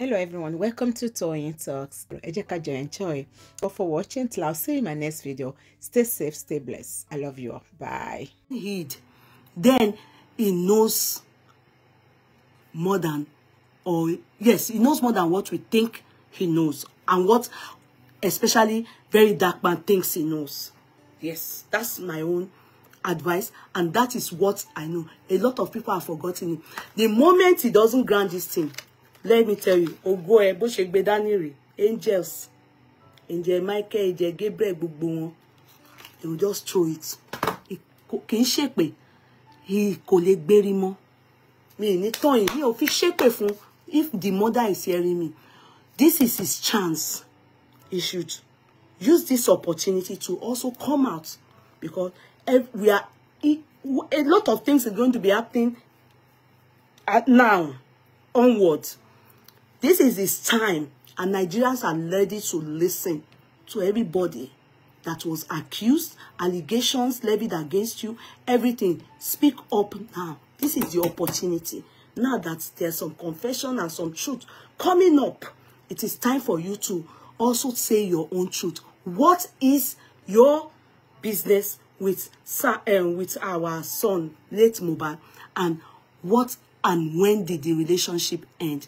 Hello everyone, welcome to Toyeen Talks. Ẹ jẹ́ ká enjoy. But for watching till I'll see you in my next video. Stay safe, stay blessed. I love you all. Bye. Heed. Then he knows more than or yes, he knows more than what we think he knows and what especially very dark man thinks he knows. Yes, that's my own advice and that is what I know. A lot of people have forgotten it. The moment he doesn't grant this thing, let me tell you ògo ẹ bó ṣe gbé dání rè angels angel michael angel gabriel gbogbo wọn they will just throw it kì í ṣèpè kò lè gbérí mọ́ mi ì ní tán yìí mi ò fi ṣépè fún if the mother is hearing me this is his chance he should use this opportunity to also come out because we are a lot of things are going to be happening at now onwards This is his time, and Nigerians are ready to listen to everybody that was accused, allegations levied against you, everything. Speak up now. This is the opportunity. Now that there's some confession and some truth coming up, it is time for you to also say your own truth. What is your business with sir, um, eh, with our son, late Mohbad, and what and when did the relationship end?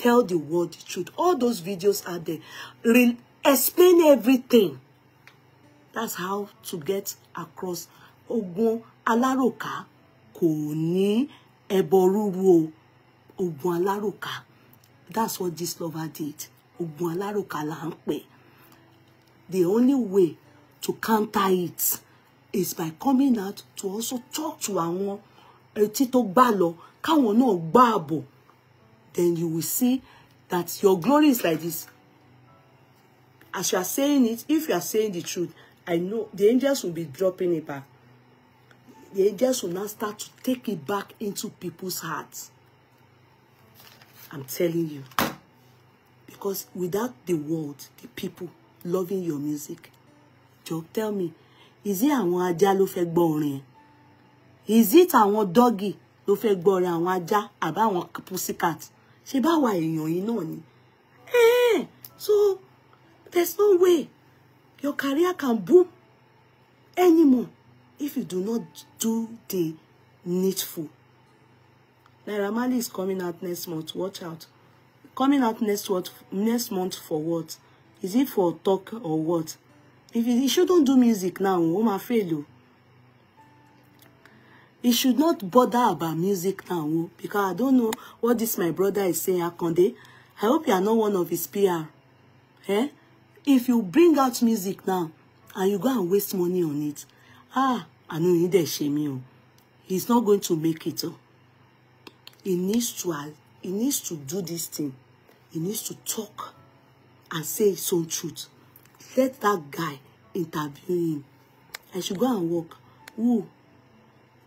Tell the world the truth. All those videos are there. Re explain everything. That's how to get across ogun Alaroka, Koni ní ogun Alaroka. that's what this lover did ogun Alaroka là the only way to counter it is by coming out to also talk to àwọn etí tó gbà lọ káwọn náà gbà then you will see that your glory is like this. As you are saying it, if you are saying the truth, I know the angels will be dropping it back. The angels will now start to take it back into people's hearts. I'm telling you. Because without the world, the people loving your music, Joe, tell me, is it àwọn ajá ló fẹ́ Is it àwọn doggy ló fẹ́ gbọ́ orin àwọn ajá àbáwọn cat? ṣe báwa èèyàn yìí náà ni eh, so there's no way your career can boom anymore if you do not do the needful. Naira Marley is coming out next month. Watch out. Coming out next month, next month for what? Is it for talk or what? If you shouldn't do music now, ó máa fail o. He should not bother about music now oh, because I don't know what this my brother is saying, Akonde. I hope you are not one of his PR. Eh? If you bring out music now and you go and waste money on it, ah, I know you need shame you. Oh. He's not going to make it. Oh. He needs to he needs to do this thing. He needs to talk and say his own truth. Let that guy interview him. I should go and walk. Ooh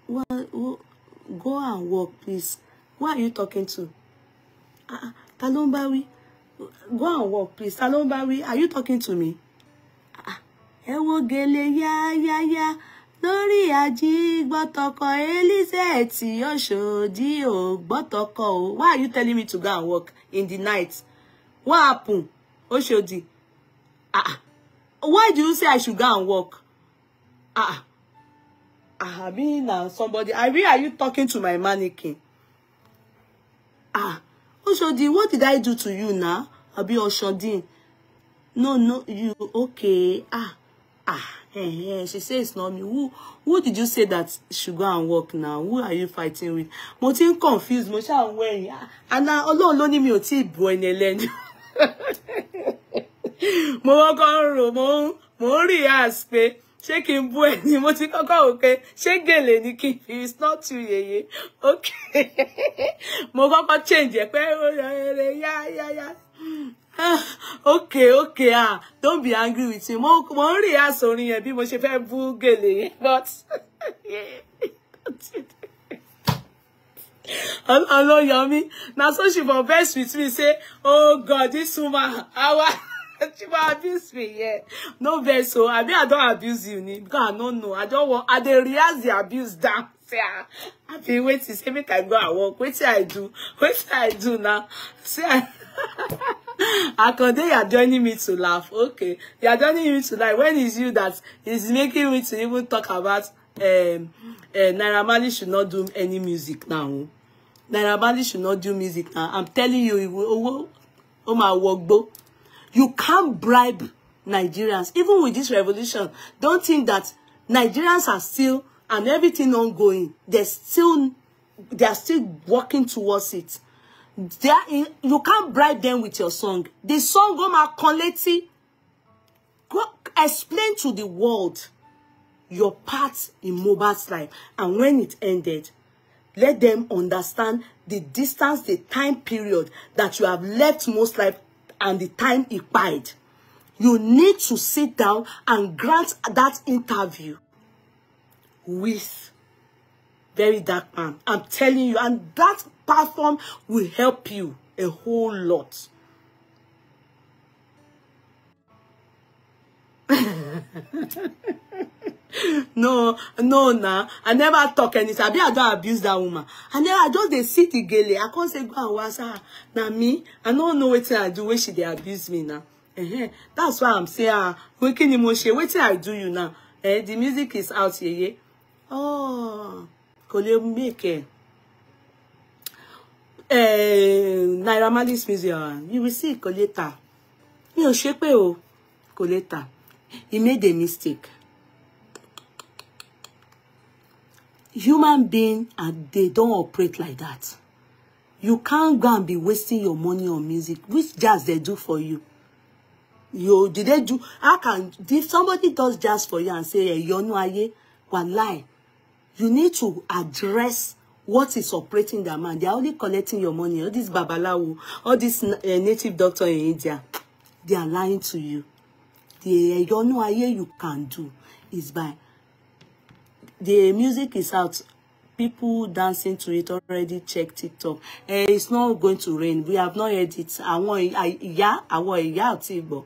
well, go and work please who are you talking to ah, ah ta ló go and work please ta ló are you talking to me ah ẹ wo ya yáyáyá lórí ajígbọ́tọkọ elizabeth ọ̀ṣọ́dì ò gbọ́tọkọ o why are you telling me to go and work in the night what happen ọ̀ṣọ́dì ah, ah why do you say i should go and work ah. ah. Ah, me now, somebody. Irene, are you talking to my mannequin? Ah, Oshodi, what did I do to you now? Abi Oshodi. No, no, you, okay. Ah, ah, eh, eh. She says it's not me. Who, who did you say that should go and work now? Who are you fighting with? Mo ti ń confused, mo ṣá ń wẹ̀yìn. Ah, and now, Ọlọ́run ló ní mi ò tíì bú ẹni ẹlẹ́ni. Mo kọ́kọ́ ń rò, mo ń rí àṣ pé ṣé kí n bú ẹ ni mo ti kọ́kọ́ wò pé ṣé gèlè ni kí n fi snort you yeye ok mo kọ́kọ́ change ẹ pé ó yọ eré yá yá yá ok ok ah don't be angry with me mo mo ń rí àṣọ orin yẹn bí mo ṣe fẹ́ bú gèlè yẹn but ọlọ́yọ̀mí na so she for vex with me say oh god this woman awa. You will abuse me, yeah. No vessel. Oh, I mean, I don't abuse you, ni. because I don't know. I don't want. I don't realize the abuse down. Yeah. I've been waiting. Say, me can go and work. What should I do. What should I do now. See, I... can't. you are joining me to laugh. Okay. You are joining me to laugh. When is you that is making me to even talk about um, uh, Naira Marley should not do any music now. Oh. Naira Marley should not do music now. I'm telling you, it will, oh, oh, oh my work, You can't bribe Nigerians. Even with this revolution, don't think that Nigerians are still and everything ongoing. They're still they are still working towards it. They are in, you can't bribe them with your song. The song ó máa kan Explain to the world your part in Mohbad's life and when it ended. Let them understand the distance, the time period that you have left most life and the time he You need to sit down and grant that interview with very dark man. I'm telling you, and that platform will help you a whole lot. no no na i never tok any i i don abuse dat woman i never i just dey see the gele i con say go and watch her na me i no know wetin i do wey she dey abuse me na eh that's why i'm say ah wetin mo ṣe wetin i do you now eh the music is out yeye oh kò lè make e. eh naira marley's museum ah, you will see kò lè tà mi ò he made a mistake human being and they don't operate like that you can't go and be wasting your money on music which jazz they do for you Yo, did they do how can if somebody does jazz for you and say hey, you know aye lie you need to address what is operating their mind they are only collecting your money all this babalawo all this uh, native doctor in india they are lying to you the eh, you know you can do is by the music is out people dancing to it already check tiktok eh, it's not going to rain we have not heard it I ìyá I ìyá àti ìgbọ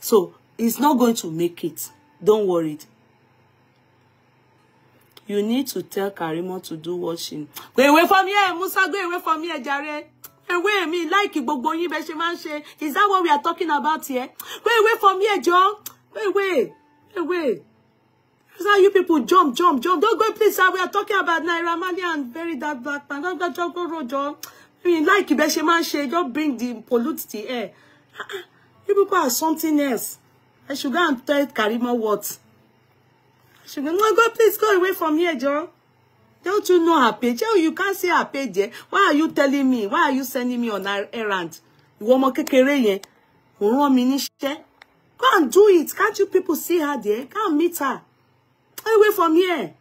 so it's not going to make it don't worry you need to tell Karima to do washing go away from here musa go away from here jare away me. like gbogbo yín bẹ ṣe máa ń is that what we are talking about here go away from here John. go away go away how you people jump, jump, jump. Don't go, please, sir. We are talking about Naira Marley and bury that black man. Don't go, jump, go, road, I mean, like you, Ibeshe man, she just bring the pollute the air. Ah, ah. You people are something else. I should go and tell Karima what. I should go, no, go, please go away from here, Joe. Don't you know her page? Oh, you can't see her page. Eh? Why are you telling me? Why are you sending me on an errand? Ìwọ ọmọ kékeré yẹn, ó rán mi níṣẹ́. Go and do it. Can't you people see her there? Go and meet her away from here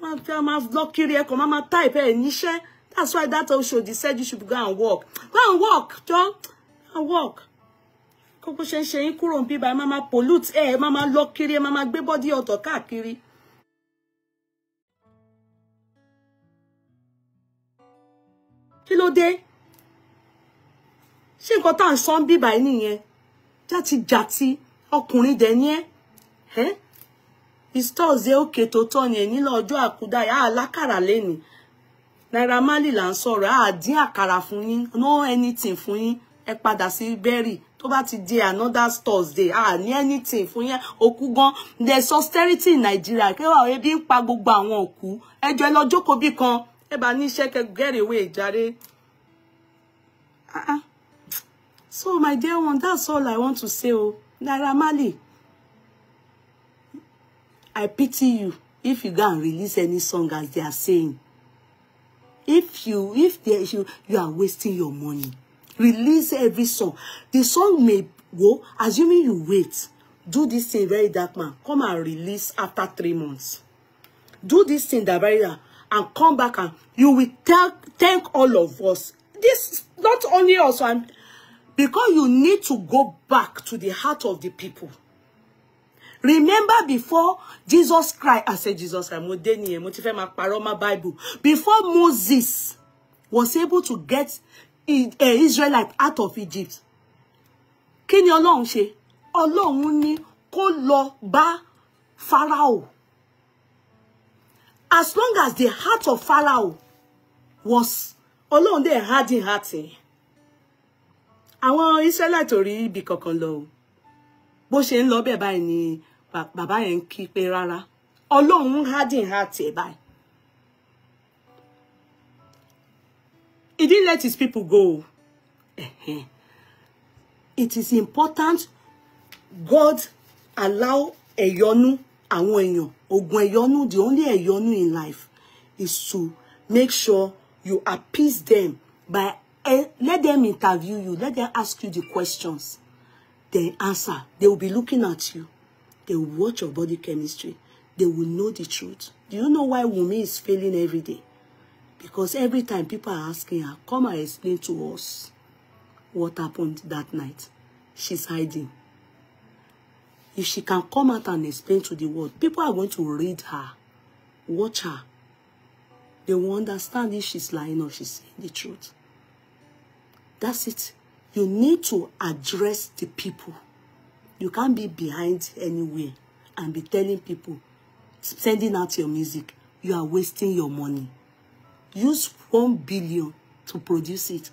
Mama fẹ́ kiri ẹkọ̀ Mama type ẹ̀ niche. that's why that Oshodi said you should go and work go and walk. jọ go and walk, kókó ṣe ń ṣe yín kúrò ń bíbá ẹ máa pollute ẹ Mama lock kiri Mama máa body auto bọ́dí kiri. Hello kí She got ṣé son tá à ń Jati jati. bíbá ẹ nìyẹn játijàti ọkùnrin ìstọ́ọ̀sì òkè tó tọ́ ni èyí lọ́jọ́ àkúdá yà á ah, lákàrà lẹ́ni Naira Marley là ń sọ̀rọ̀ á ah, dín àkàrà fún no anything fún yín ẹ padà sí berry tó bá ti di another thursday ah, á ní anything fún yín òkú gan there's austerity in Nigeria kéwà ebi ń pa gbogbo àwọn òkú ẹjọ́ ẹ lọ jókòó bí kan ẹ bá ní iṣẹ́ kẹ get away jare. jàre. so my dear one that's all I want to say Oh, Naira Marley I pity you if you go and release any song as they are saying. If you, if there is you, you are wasting your money. Release every song. The song may go, assuming you wait. Do this thing, very dark man. Come and release after three months. Do this thing, that very dark, and come back and you will thank, thank all of us. This, not only us, and because you need to go back to the heart of the people remember before jesus christ i said jesus christ mo dé nìyẹn bible before moses was able to get eh, israelite out of egypt kí ni ọlọ́run ṣe ọlọ́run ní kó lọ pharaoh as long as the heart of pharaoh was ọlọ́run dẹ̀ harden heart ẹ̀ àwọn israelite ò rí ibi kankan lọ bó ṣe ń lọ ni bàbá yẹn ń kí pé rárá ọlọ́run hádìn ha tiẹ̀ báyìí he didn't let his people go it is important God allow ẹ̀yọ́nú àwọn èèyàn ogun ẹ̀yọ́nú the only ẹ̀yọ́nú in life is to make sure you appease them by e, let them interview you let them ask you the questions they answer they will be looking at you They will watch your body chemistry. They will know the truth. Do you know why Wumi is failing every day? Because every time people are asking her, come and explain to us what happened that night. She's hiding. If she can come out and explain to the world, people are going to read her, watch her. They will understand if she's lying or she's saying the truth. That's it. You need to address the people. You can't be behind anywhere and be telling people, sending out your music, you are wasting your money. Use one billion to produce it.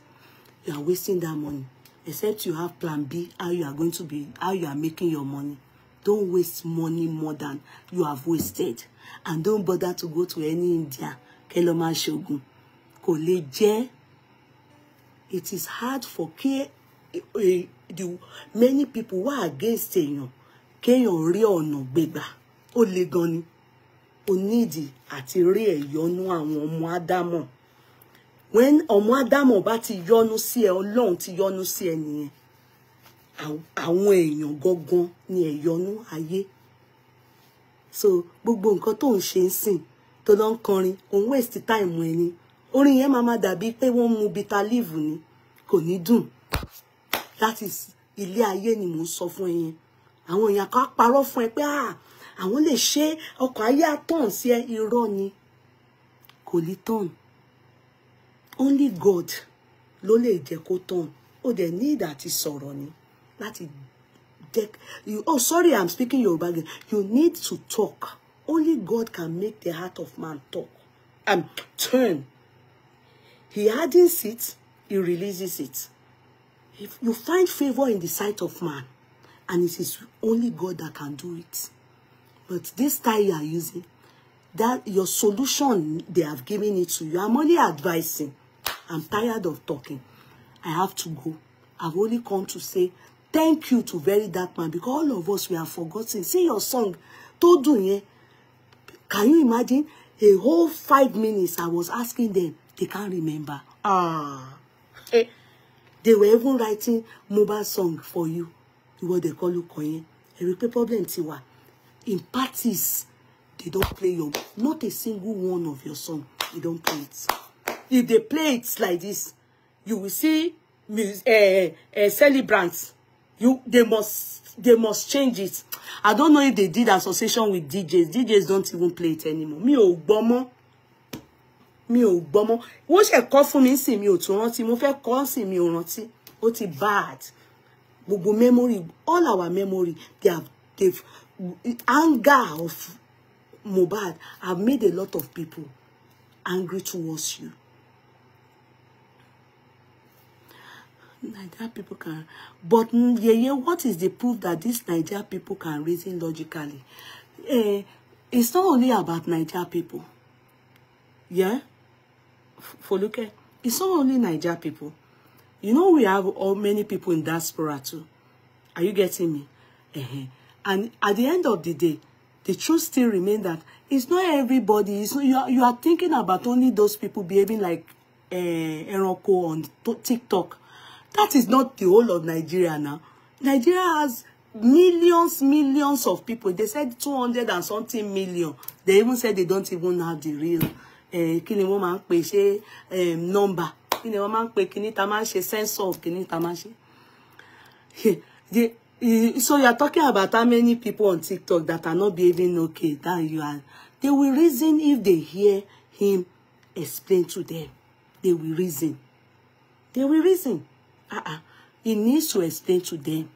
You are wasting that money. Except you have plan B, how you are going to be, how you are making your money. Don't waste money more than you have wasted. And don't bother to go to any India. Keloma Shogun. Kò It is hard for K. Eh, the many people wà against èèyàn kéèyàn rí ọ̀nà gbégbà ó le gan ni ó nídìí àti rí ẹ̀yọ́nú àwọn ọmọ adamo. when ọmọ adamo bá ti yọ́nú sí ẹ ọlọ́run ti yọ́nú sí ẹ nìyẹn àwọn èèyàn gangan ni ẹ̀yọ́nú ayé so gbogbo nǹkan tó ń ṣe ń sìn tó lọ ń kọrin òun waste time ẹni orin yẹn máa ma dàbí pé wọ́n mu bitter leaf ni kò ní dùn that is ilé ayé ni mò ń sọ fún ẹyin àwọn èèyàn kan parọ́ fún ẹ pé ah, àwọn lè ṣe ọkọ̀ ayé àtọ̀n sí ẹ irọ́ ni kò lè tọ̀n only God ló lè jẹ́ kó tọ̀n ó dẹ̀ ní ìdá àti sọ̀rọ̀ ni láti jẹ́ oh sorry I'm speaking Yoruba again you need to talk only God can make the heart of man talk and turn he hardens it he releases it. If you find favor in the sight of man, and it is only God that can do it. But this style you are using, that your solution they have given it to you. I'm only advising. I'm tired of talking. I have to go. I've only come to say thank you to very dark man because all of us we have forgotten. See your song, tó dùn Can you imagine? A whole five minutes I was asking them, they can't remember. Ah. Eh they were even writing mobile song for you ìwọ dẹ̀ kọ́ ló kọ yẹn ẹ rí pé problem ti in parties they don't play your not a single one of your song they don't play it if they play it like this you will see uh, uh, celebrants you they must they must change it i don't know if they did association with djs djs don't even play it anymore Me ò gbọ́ mi ò gbọ́mọ́ wọ́n ṣe kọ́ fún mi sìn mi ò tún rántí mo fẹ́ kọ́ sìn mi ò rántí ó ti bad gbogbo memory all our memory they have they've anger of mobad have made a lot of people angry towards you Nigeria people can but yeye what is the proof that this Nigeria people can reason logically eh it's not only about Nigeria people yeah Foluke, it's not only Niger people. You know, we have all many people in diaspora too. Are you getting me? Uh -huh. And at the end of the day, the truth still remains that it's not everybody. It's not, you, are, you are thinking about only those people behaving like uh, eh, Eroko on TikTok. That is not the whole of Nigeria now. Nigeria has millions, millions of people. They said 200 and something million. They even said they don't even have the real kí ni wọ́n máa ń pè ṣe nọ́mbà kí ni wọ́n máa ń pè kíní ta máa ń ṣe sensor kíní ta máa ń ṣe. So you are talking about how many people on TikTok that are not behaving okay that you are. They will reason if they hear him explain to them. They will reason. They will reason. Uh-uh. He needs to explain to them.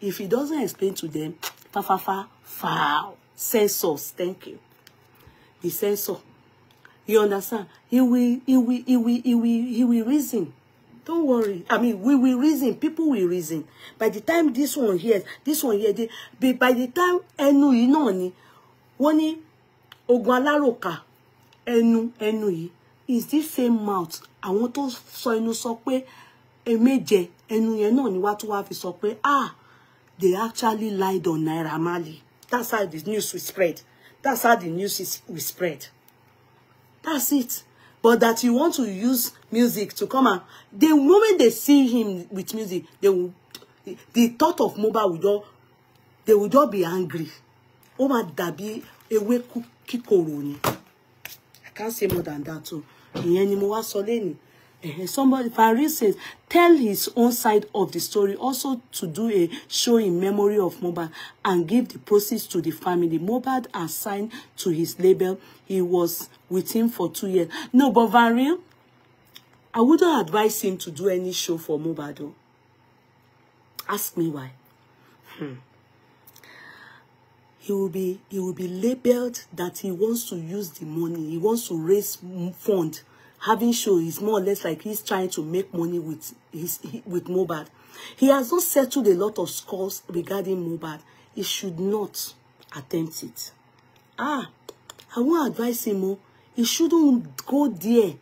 If he doesn't explain to them, fa fa fa foul. sensors. thank you. The sensor. You understand? He will, he will, he will, he will, he will reason. Don't worry. I mean, we will reason. People will reason. By the time this one hears, this one hears, they, by the time ẹnu yìí náà ni, wọ́n ní ogun aláròkà ẹnu ẹnu yìí is this same mouth I want to ẹnu sọ pé ẹ̀mẹ́jẹ ẹnu yẹn náà ni wá tó wá ah they actually lied on Naira Mali. that's how the news will spread that's how the news is, will spread. That's it. But that you want to use music to come out. The moment they see him with music, they will, the, thought of mobile will just, they will just be angry. Ó máa dàbí ewé kíkorò ni. I can't say more than that too. Ìyẹn ni mo wá sọ Uh, somebody Pharisee tell his own side of the story also to do a show in memory of Mobad, and give the proceeds to the family. Mobad assigned to his label. He was with him for two years. No, but Van I wouldn't advise him to do any show for Mobad. though. Ask me why. Hmm. He will be he will be labeled that he wants to use the money. He wants to raise fund having show is more or less like he's trying to make money with his with Mobad. He has not settled a lot of scores regarding Mobad. He should not attempt it. Ah, I won't advise him. More. Oh. He shouldn't go there.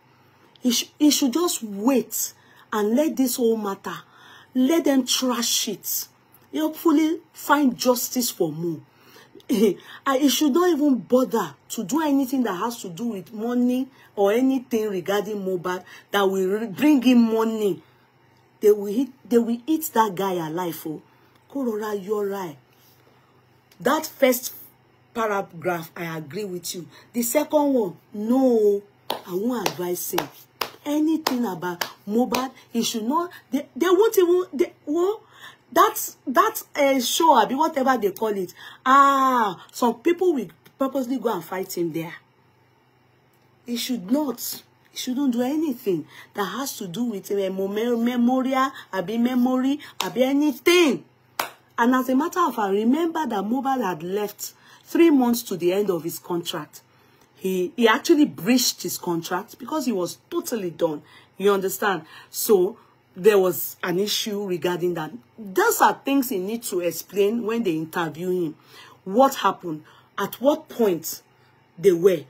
He, sh he should just wait and let this whole matter, let them trash it. He hopefully find justice for Mo. I should not even bother to do anything that has to do with money or anything regarding mobile that will bring in money. They will eat, they will eat that guy alive. Oh, Corora, you're right. That first paragraph, I agree with you. The second one, no, I won't advise him. Anything about mobile. he should not. They, they won't even. They, well, That's that's a show abi whatever they call it ah some people will purposely go and fight him there he should not he shouldn't do anything that has to do with uh, memorial abi memory abi anything and as a matter of fact remember that mobile had left three months to the end of his contract he he actually breached his contract because he was totally done you understand so there was an issue regarding that. Those are things he needs to explain when they interview him. What happened? At what point they were?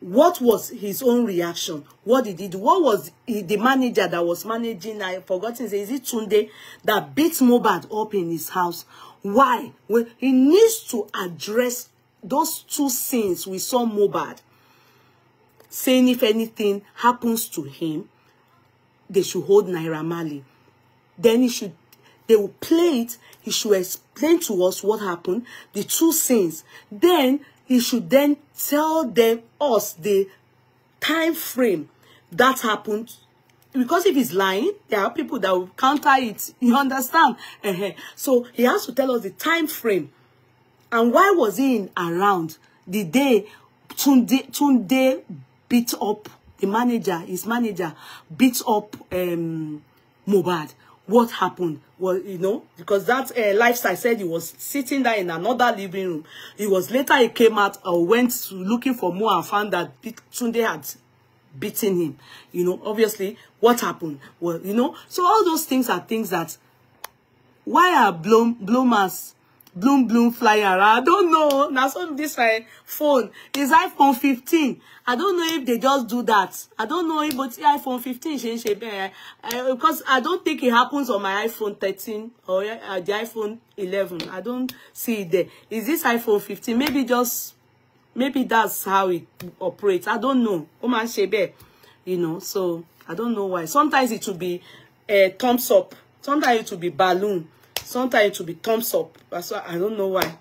What was his own reaction? What did he do? What was he, the manager that was managing? I forgot his Is it Tunde that beat Mobad up in his house? Why? Well, he needs to address those two scenes we saw Mobad saying if anything happens to him, they should hold Naira Mali. Then he should, they will play it. He should explain to us what happened, the two scenes. Then he should then tell them us the time frame that happened because if he's lying, there are people that will counter it. You understand? Uh -huh. so he has to tell us the time frame. And why was he around the day Tunde, Tunde beat up the manager, his manager, beat up um, Mobad. What happened? Well, you know, because that uh, lifestyle said he was sitting there in another living room. He was later he came out or uh, went looking for more and found that Tunde had beaten him. You know, obviously, what happened? Well, you know, so all those things are things that why are Blom Blomas bloom bloom flyer. I don't know. Now some this my phone is iPhone 15. I don't know if they just do that. I don't know if but iPhone 15 change eh, eh, because I don't think it happens on my iPhone 13 or uh, the iPhone 11. I don't see it there. Is this iPhone 15? Maybe just maybe that's how it operates. I don't know. Ó máa you know. So I don't know why. Sometimes it will be a uh, thumbs up. Sometimes it will be balloon sometimes it will be thumbs up that's why i don't know why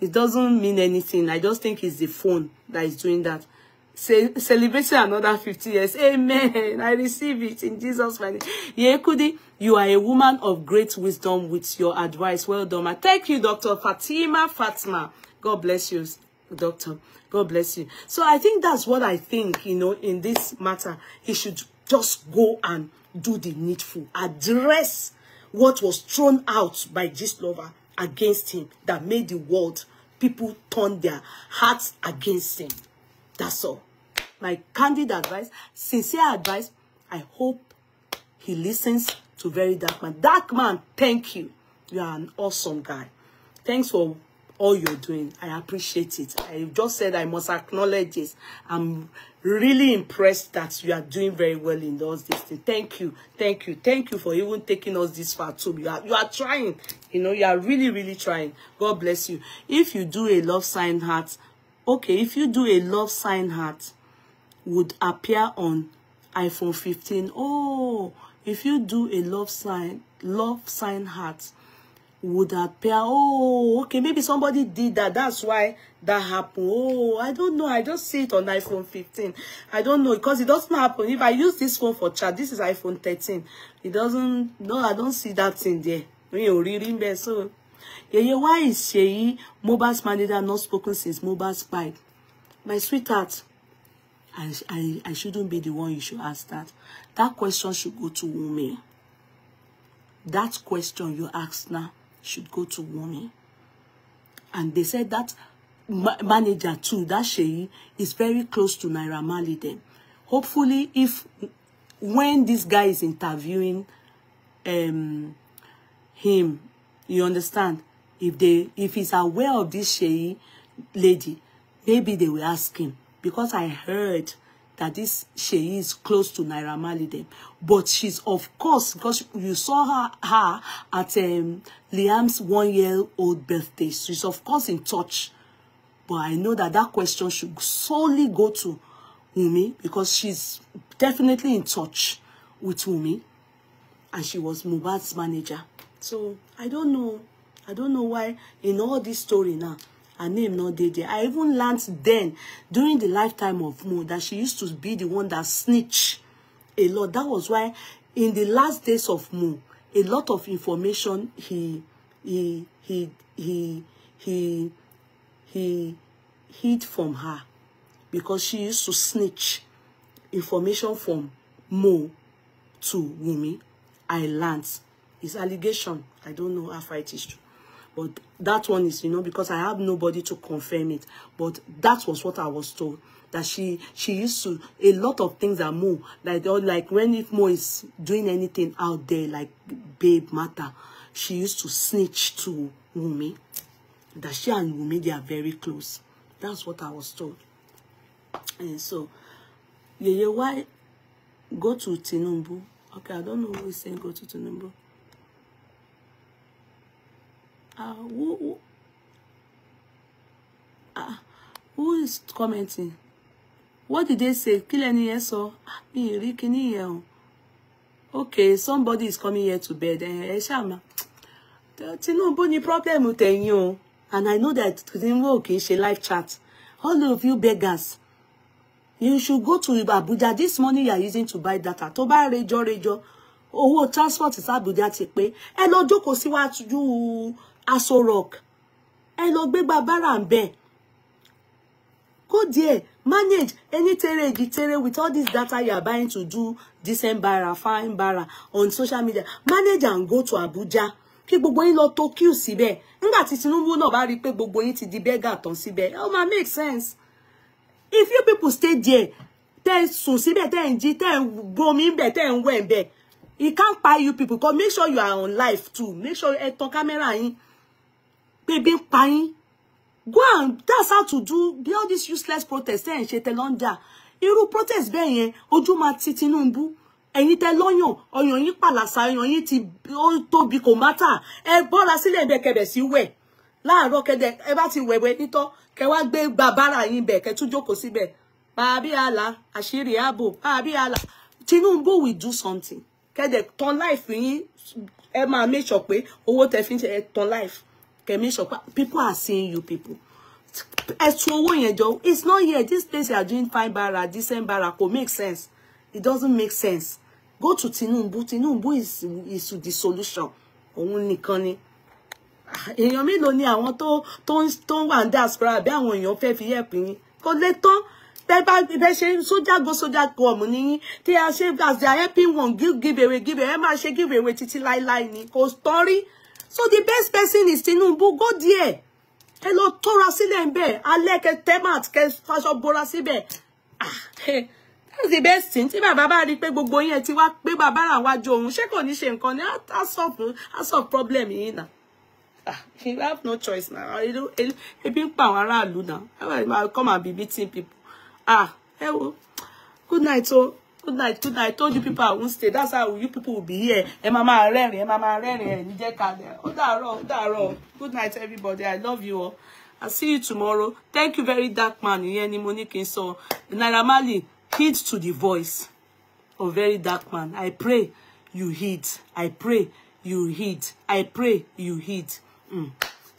it doesn't mean anything i just think it's the phone that is doing that Ce celebrating another 50 years amen i receive it in jesus name yekudi you are a woman of great wisdom with your advice well done thank you dr fatima fatma god bless you doctor god bless you so i think that's what i think you know in this matter he should just go and do the needful address what was thrown out by this lover against him that made the world people turn their hearts against him. That's all. My candid advice, sincere advice, I hope he listens to Very Dark Man. Dark Man, thank you. You are an awesome guy. Thanks for all you're doing. I appreciate it. I just said I must acknowledge this. I'm really impressed that you are doing very well in those this thing. Thank you. Thank you. Thank you for even taking us this far too. You are, you are trying. You know, you are really, really trying. God bless you. If you do a love sign heart, okay, if you do a love sign heart, would appear on iPhone 15. Oh, if you do a love sign, love sign heart, would appear. Oh, okay, maybe somebody did that. That's why that happened. Oh, I don't know. I just see it on iPhone 15. I don't know because it doesn't happen. If I use this phone for chat, this is iPhone 13. It doesn't, no, I don't see that thing there. We reading there. So, yeah, why is Sheyi Mobile's manager not spoken since Mobile spike? My sweetheart, I, I, I shouldn't be the one you should ask that. That question should go to Wunmi. That question you ask now should go to Wunmi. And they said that ma manager too, that Sheyi, is very close to Naira Marley then. Hopefully, if when this guy is interviewing um, him, you understand, if they if he's aware of this Sheyi lady, maybe they will ask him. Because I heard that this she is close to Naira Marley them. But she's of course because you saw her her at um, Liam's one year old birthday. So she's of course in touch. But I know that that question should solely go to Umi because she's definitely in touch with Umi, and she was Mohbad's manager. So I don't know. I don't know why in all this story now her name not dey there i even learnt then during the lifetime of mo that she used to be the one that snitch a lot that was why in the last days of mo a lot of information he he he he he he hid from her because she used to snitch information from Mo to Wumi. I learned his allegation. I don't know how far it is true. But that one is, you know, because I have nobody to confirm it. But that was what I was told. That she she used to a lot of things are Mo like like when if Mo is doing anything out there like babe matter, she used to snitch to Wumi. That she and Wumi they are very close. That's what I was told. And so yeah, why go to Tinubu? Okay, I don't know who is saying go to Tinubu. Uh, who, who, uh, who is commenting? What did they say? Kill any yẹn sọ? Ah, mi ì rí Okay, somebody is coming here to bed. Eh, ẹ ṣàmà. Tinubu ni problem with you, And I know that Tinubu okay. í ṣe live chat. All of you beggars, you should go to Abuja. This money you are using to buy data. to buy radio radio, oh, transport sí Abuja Take ti pé. Ẹ lọ what you. Aso Rock ẹ lọ gbégbá bára ń bẹ kó díẹ̀ manage any tere tere with all this data you are buying to do decent fine bara on social media manage and go to Abuja kí gbogbo yín lọ Tokyo sibe nígbà tí Tinubu náà bá rí i gbogbo yín ti di bẹ́gà tán sibe ó máa make sense if you people stay there tẹ́ ń sùn síbẹ̀ tẹ́ ń jí tẹ́ ń bomi ń bẹ̀ tẹ́ e can't buy you people come make sure you are on live too make sure ẹ tàn camera yin. pé bí pa yín go and that's how to do be all this useless protests ẹ̀ ń ṣe tẹ́lọ́ndà protest bẹ́ẹ̀ yẹn ojú máa ti Tinubu ẹ̀yin tẹ́ lọ́yàn ọyàn yín pàlàsà ọyàn ti ó tóbi kò mátà ẹ bọ́ra sílẹ̀ ẹ̀bẹ̀ kẹbẹ̀ sí wẹ̀ láàárọ̀ kẹdẹ ẹ bá ti wẹ̀wẹ̀ nítọ́ kẹ wá gbé bàbára yín bẹ̀ kẹ tún jókòó síbẹ̀ bàbí àlà àṣírí ààbò bàbí àlà Tinubu we do something kẹdẹ ton life yín ẹ máa make sure pé owó tẹ́ fi ń ṣe life kẹ̀mí sọ̀pá people are seeing you people ẹ̀sùn owó yẹn jọ it's not here this place you are doing fine bara decent bara kò make sense it doesn't make sense go to Tinubu Tinubu is is the solution òun Connie. In your middle, ni àwọn tó tó ń tó ń wà ní diaspora àbí àwọn Your fẹ́ fi yẹ̀pì yín kò lè tán bẹ́ẹ̀ bá bẹ́ẹ̀ ṣe sójà go sójà go ọ̀mù níyín tí a ṣe as they are helping one give give away give away I'm máa ṣe give away títí lie, ni kò story so the best person is Tinubu go there ẹ lọ tóra sílẹ̀ ń bẹ̀ alẹ́ kẹ tẹ́màt kẹ faṣọ bora síbẹ̀ ah, eh, that's the best thing tí bàbá bá rí i pé gbogbo yẹn ti wá pé bàbá rà wájú òun ṣé kò ní ṣe nǹkan ni á solve á solve problem yìí náà ah, you have no choice now. Ebi ń pa àwọn aráàlú náà. Come and be beating people. Ah, ẹ wo. Good night o. Oh good night good night I told you people I won't stay that's how you people will be here ẹ máa máa rẹ́rìn ẹ máa máa rẹ́rìn ẹ ní good night everybody I love you all I'll see you tomorrow thank you very dark man ìyẹn ni mo ní kí n sọ Naira heed to the voice of very dark man I pray you heed I pray you heed I pray you heed mm.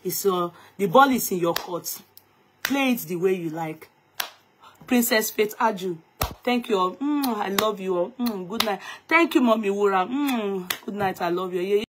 it's uh, the ball is in your court play it the way you like Princess Faith Aju Thank you all. Mm, I love you all. Mm, good night. Thank you, Mommy Wura. Mm, good night. I love you. Yeah,